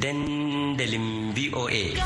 Dandalin VOA.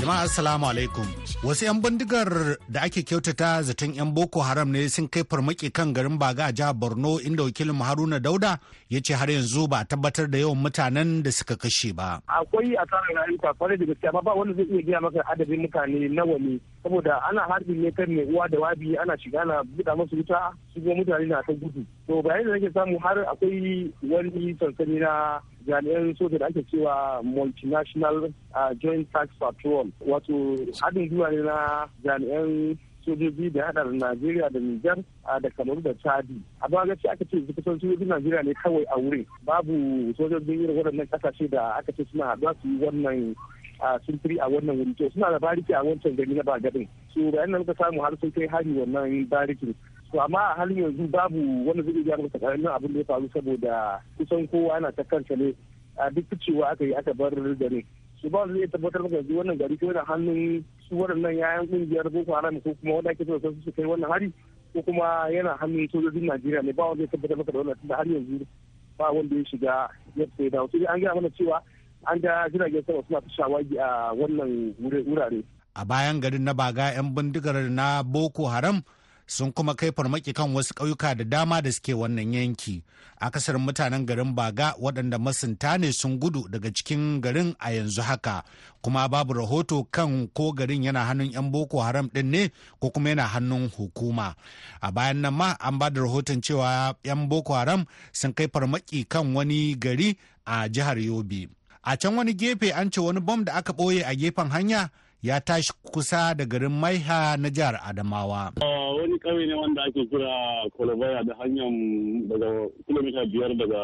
Jama'a Assalamu alaikum. Wasu 'yan bindigar da ake kyautata zaton 'yan Boko Haram ne sun kai farmaki kan garin Baga a jihar Borno inda wakilin Haruna Dauda ya ce har yanzu ba a tabbatar da yawan mutanen da suka kashe ba. Akwai asarar rayuka kwarai da gaske amma ba wanda zai iya gina maka adadin mutane nawa ne saboda ana harbi ne kan mai uwa da wabi ana shiga na buɗa masu wuta su kuma mutane na ta gudu to bayan da nake samu har akwai wani sansani na jami'an soja da ake cewa multinational ah, joint tax patrol wato haɗin zuwa ne na jami'an sojoji da haɗa da Najeriya da Nijar ah, da Kamaru da Chadi. A ba ga aka ce kusan sojojin Najeriya ne kawai a wurin. Babu sojojin irin waɗannan ƙasashe da aka ce suna haɗuwa su yi wannan a sintiri a wannan wuri to suna da bariki a wancan gari na bagadin su bayan nan muka samu har sun kai hari wannan barikin to amma a halin yanzu babu wani zai iya maka tsakanin abin da ya faru saboda kusan kowa yana ta kanta ne a duk cewa aka yi aka bar garin su ba zai tabbatar maka yanzu wannan gari ko da hannun su waɗannan yayan ƙungiyar boko haram ko kuma wanda ake so su kai wannan hari ko kuma yana hannun sojojin najeriya ne ba wanda ya tabbatar maka da wannan tunda har yanzu ba wanda ya shiga yadda ya dawo sai an gaya mana cewa an da jiragen sama suna ta shawagi a wannan wurare. A bayan garin na baga 'yan bindigar na Boko Haram sun kuma kai farmaki kan wasu ƙauyuka da dama da suke wannan yanki. Akasarin mutanen garin baga waɗanda masunta ne sun gudu daga cikin garin a yanzu haka. Kuma babu rahoto kan ko garin yana hannun 'yan Boko Haram ɗin ne ko kuma yana hannun hukuma. A bayan nan ma an ba da rahoton cewa 'yan Boko Haram sun kai farmaki kan wani gari a jihar Yobe. a can wani gefe an ce wani bom da aka ɓoye a gefen hanya ya tashi kusa da garin maiha na jihar adamawa wani ƙauye ne wanda ake kira kolobaya da hanyar daga kilomita biyar daga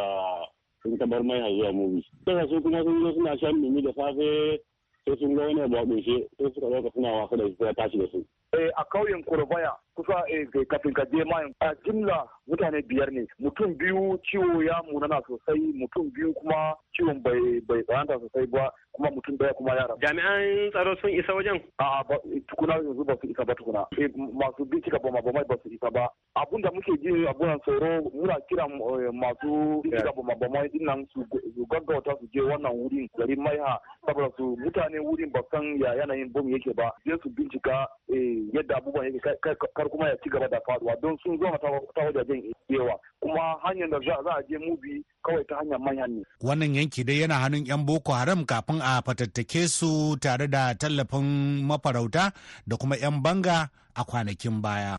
sun kabar maiha zuwa mubi daga su kuma sun suna shan dumi da safe sai sun ga wani abu a sai suka ɗauka suna wasa da shi ya tashi da su eh, a ƙauyen kolobaya kusa eh, kafin ka je mayan a jimla mutane biyar ne mutum biyu ciwo ya munana sosai mutum biyu kuma ciwon bai bai tsananta sosai ba kuma mutum daya kuma yara jami'an tsaro sun isa wajen a ba tukuna yanzu ba su isa ba tukuna eh, masu bincika boma bomai ba su isa ba abun da muke ji abunan tsoro muna kira eh, masu bincika boma bomai din nan su gaggauta su je wannan wurin garin maiha saboda su mutane wurin ba san ya yanayin bom yake ba je su bincika yadda abubuwan yake kar kuma ya ci gaba da faduwa don sun zo ta wajajen yawa kuma hanyar da za a je mubi kawai ta hanyar manyan ne. Wannan yanki dai yana hannun 'yan Boko Haram kafin a fatattake su tare da tallafin mafarauta da kuma 'yan banga a kwanakin baya.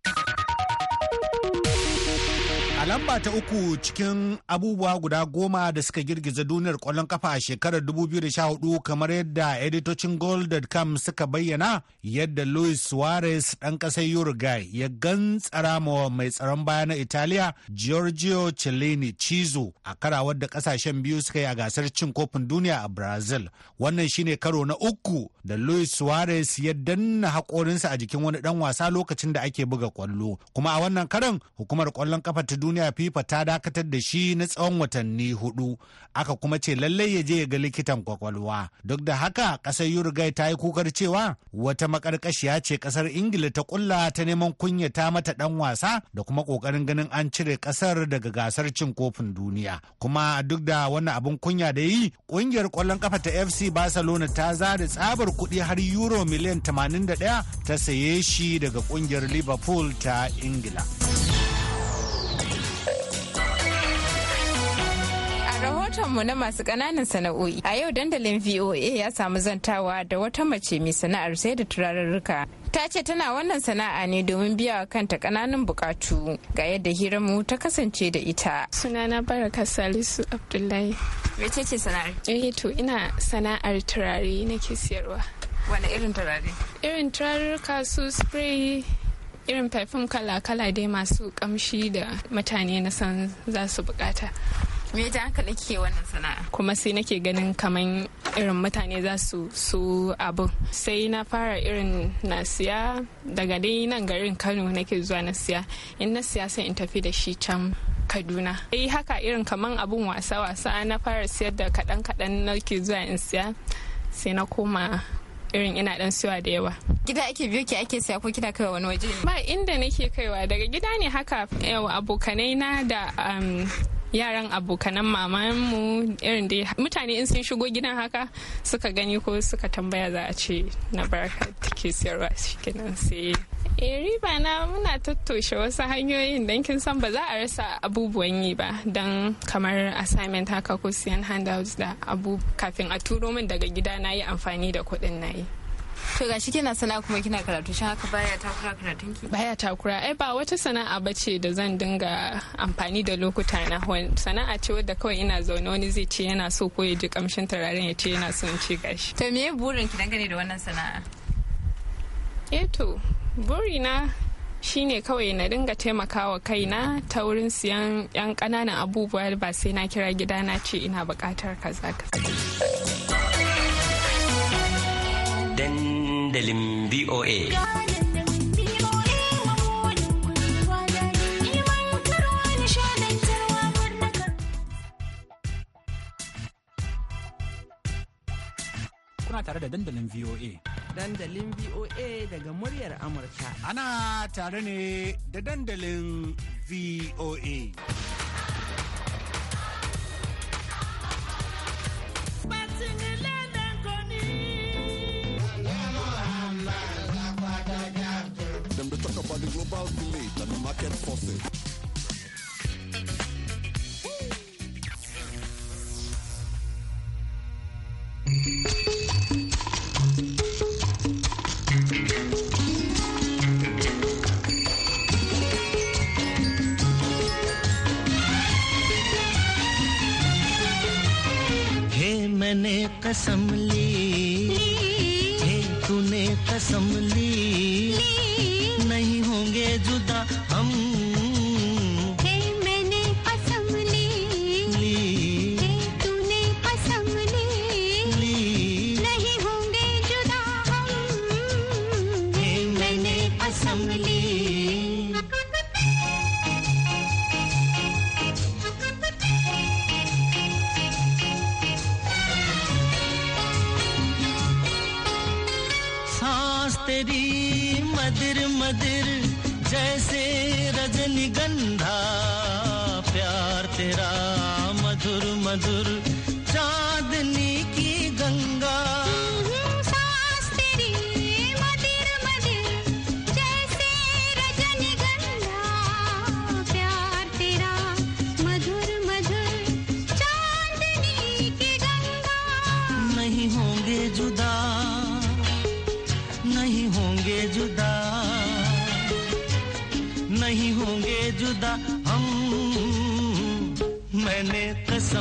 lamba ta uku cikin abubuwa guda goma da suka girgiza duniyar kwallon kafa a shekarar 2014 kamar yadda editocin gold.com suka bayyana yadda Luis Suarez dan ƙasar Uruguay ya gantsara ma mai tsaron baya na Italiya Giorgio Cellini Cizo a karawar da kasashen biyu suka yi a gasar cin kofin duniya a Brazil. Wannan shine karo na uku da Luis Suarez ya danna hakorinsa a jikin wani dan wasa lokacin da ake buga kwallo. Kuma a wannan karan hukumar kwallon kafa ta duniya duniya fifa ta dakatar da shi na tsawon watanni hudu aka kuma ce lallai ya je ya ga likitan kwakwalwa duk da haka kasar yurgai ta yi kukar cewa wata makarkashiya ce kasar ingila ta kulla ta neman kunya ta mata dan wasa da kuma kokarin ganin an cire kasar daga gasar cin kofin duniya kuma duk da wannan abin kunya da yi kungiyar kwallon kafa ta fc barcelona ta zada tsabar kuɗi har euro miliyan 81 ta saye shi daga kungiyar liverpool ta ingila. mu na masu ƙananan sana'o'i a yau dandalin voa ya samu zantawa da wata mace mai sana'ar sai da turarurruka ta ce tana wannan sana'a ne domin biya wa kanta kananan buƙatu ga yadda hiranmu ta kasance da ita sunana baraka salisu abdullahi mece ce sana'ar eh to ina sana'ar turare nake siyarwa wani irin turare irin turarurruka su spray irin perfume kala-kala dai masu kamshi da mutane na san za su bukata me ya haka nake wannan sana'a kuma sai nake ganin kaman irin mutane za su su abin sai na fara irin na siya daga dai nan garin kano nake zuwa na siya in na siya sai in tafi da shi can kaduna sai haka irin kamar abun wasa wasa na fara siyar da kaɗan kaɗan nake zuwa in siya sai na koma irin ina dan siwa da yawa gida ake biyo ki ake siya ko kina kaiwa wani waje ba inda nake kaiwa daga gida ne haka abokanai na da um, yaran abokanan mamanmu irin dai mutane in sun shigo gidan haka suka gani ko suka tambaya za a ce na barka take siyarwa shikenan sai eh riba na muna tattoshe wasu hanyoyin don kin san ba za a rasa abubuwan yi ba don kamar assignment haka ko siyan handouts da abu kafin a turo min daga gida na yi amfani da kuɗin na yi to gashi kina sana'a kuma kina karatu shi haka baya takura karatun ki baya takura ai ba wata sana'a bace da zan dinga amfani da lokuta na sana'a ce wadda kawai ina zaune wani zai ce yana so ko ya ji kamshin turaren ya ce yana son ci gashi to me burin ki dangane da wannan sana'a eh to burina shine kawai na dinga taimakawa kaina ta wurin siyan yan kananan abubuwa ba sai na kira gida na ce ina bukatar kaza kaza dandalin VOA. Kuna tare da dandalin VOA. Dandalin VOA daga muryar Amurka. Ana tare ne da dandalin VOA. global belief and market forces. hey, मैंने कसम ली तेरा मधुर मधुर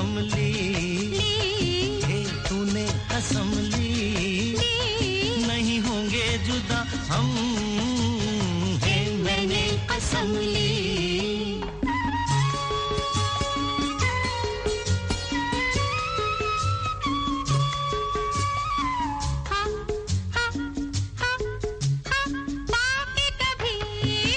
कसम ली, तूने कसम ली, नहीं होंगे जुदा हम मैंने कसम ली हा, हा, हाँ, हाँ, हाँ, कभी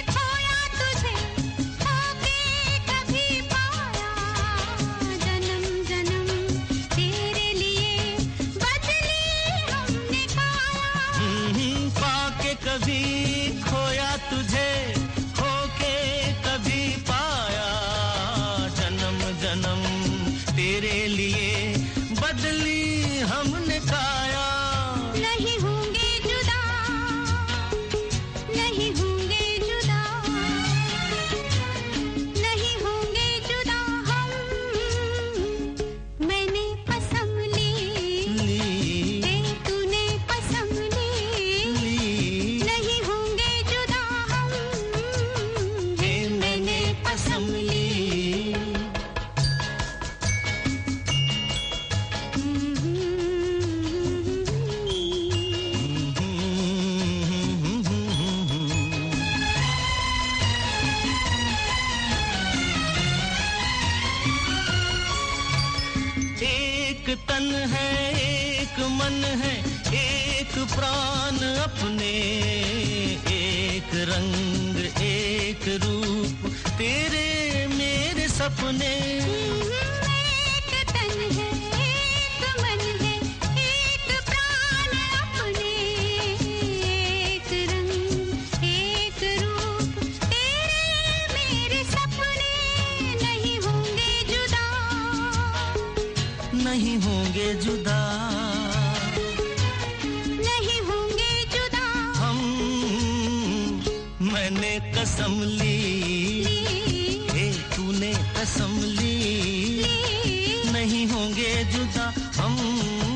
मन है एक प्राण अपने एक रंग एक रूप तेरे मेरे सपने हम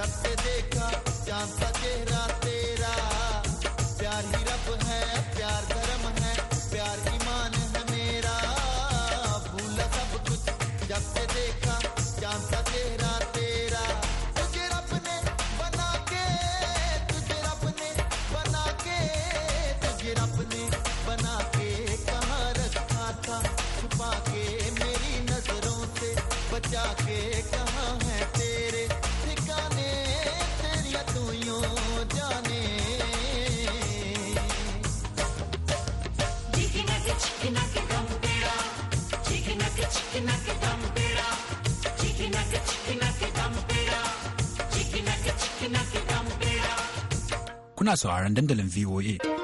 जब से देखा चांद सा चेहरा kuna sauraron dandalin VOA.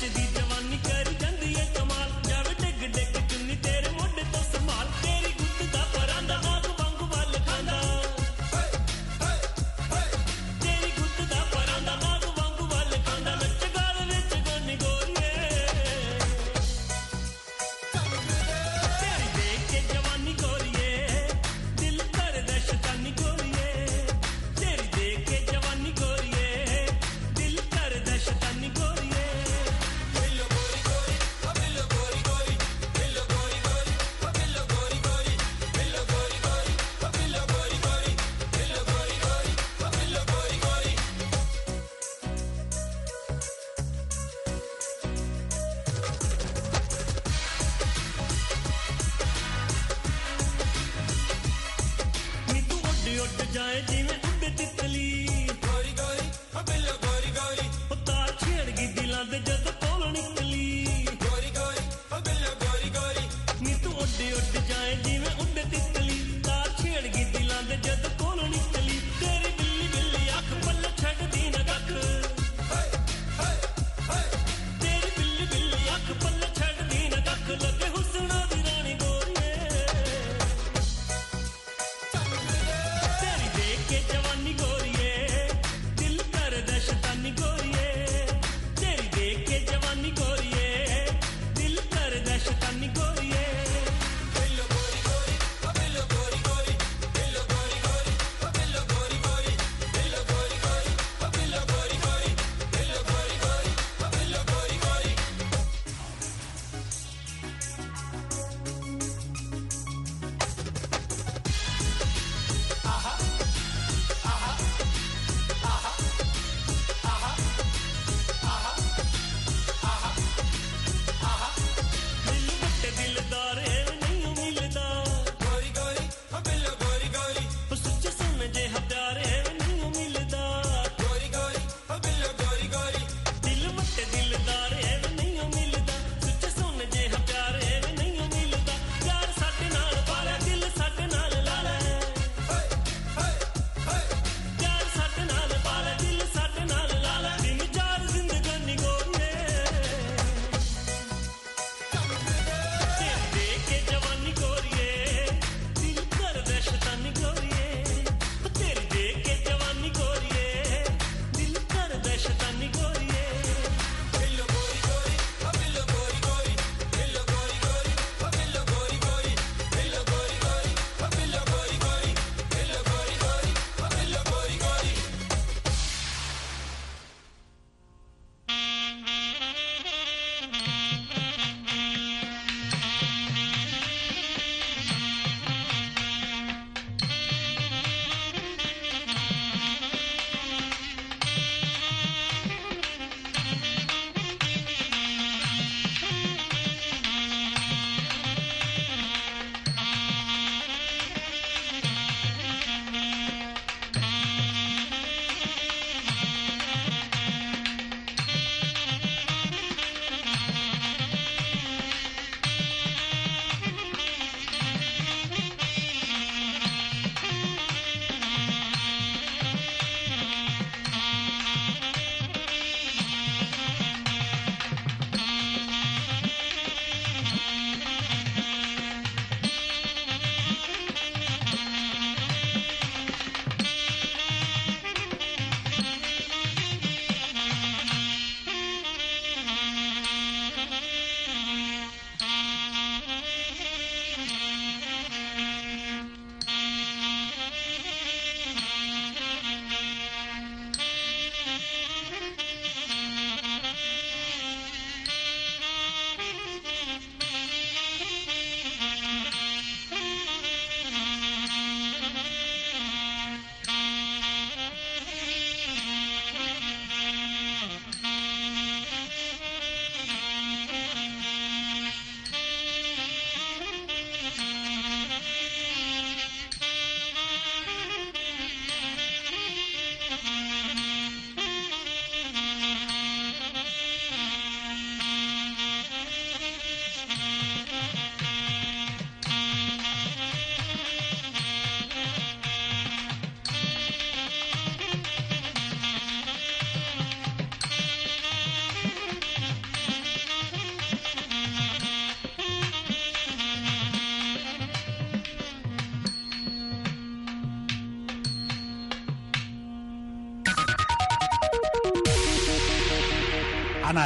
to be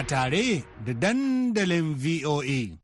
tare da dandalin VOA.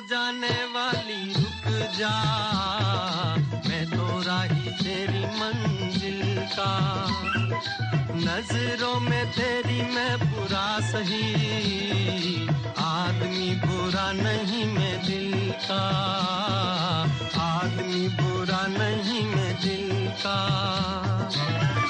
जाने वाली रुक जा मैं तो राही तेरी मंजिल का नजरों में तेरी मैं बुरा सही आदमी बुरा नहीं मैं दिल का आदमी बुरा नहीं मैं दिल का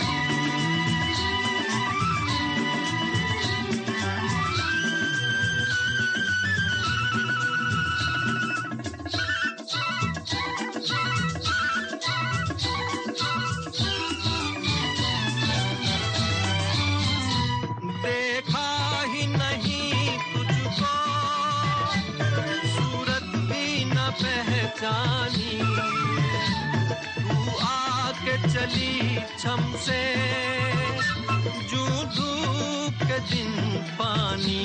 जानी तू आके चली छम से जू धूप के दिन पानी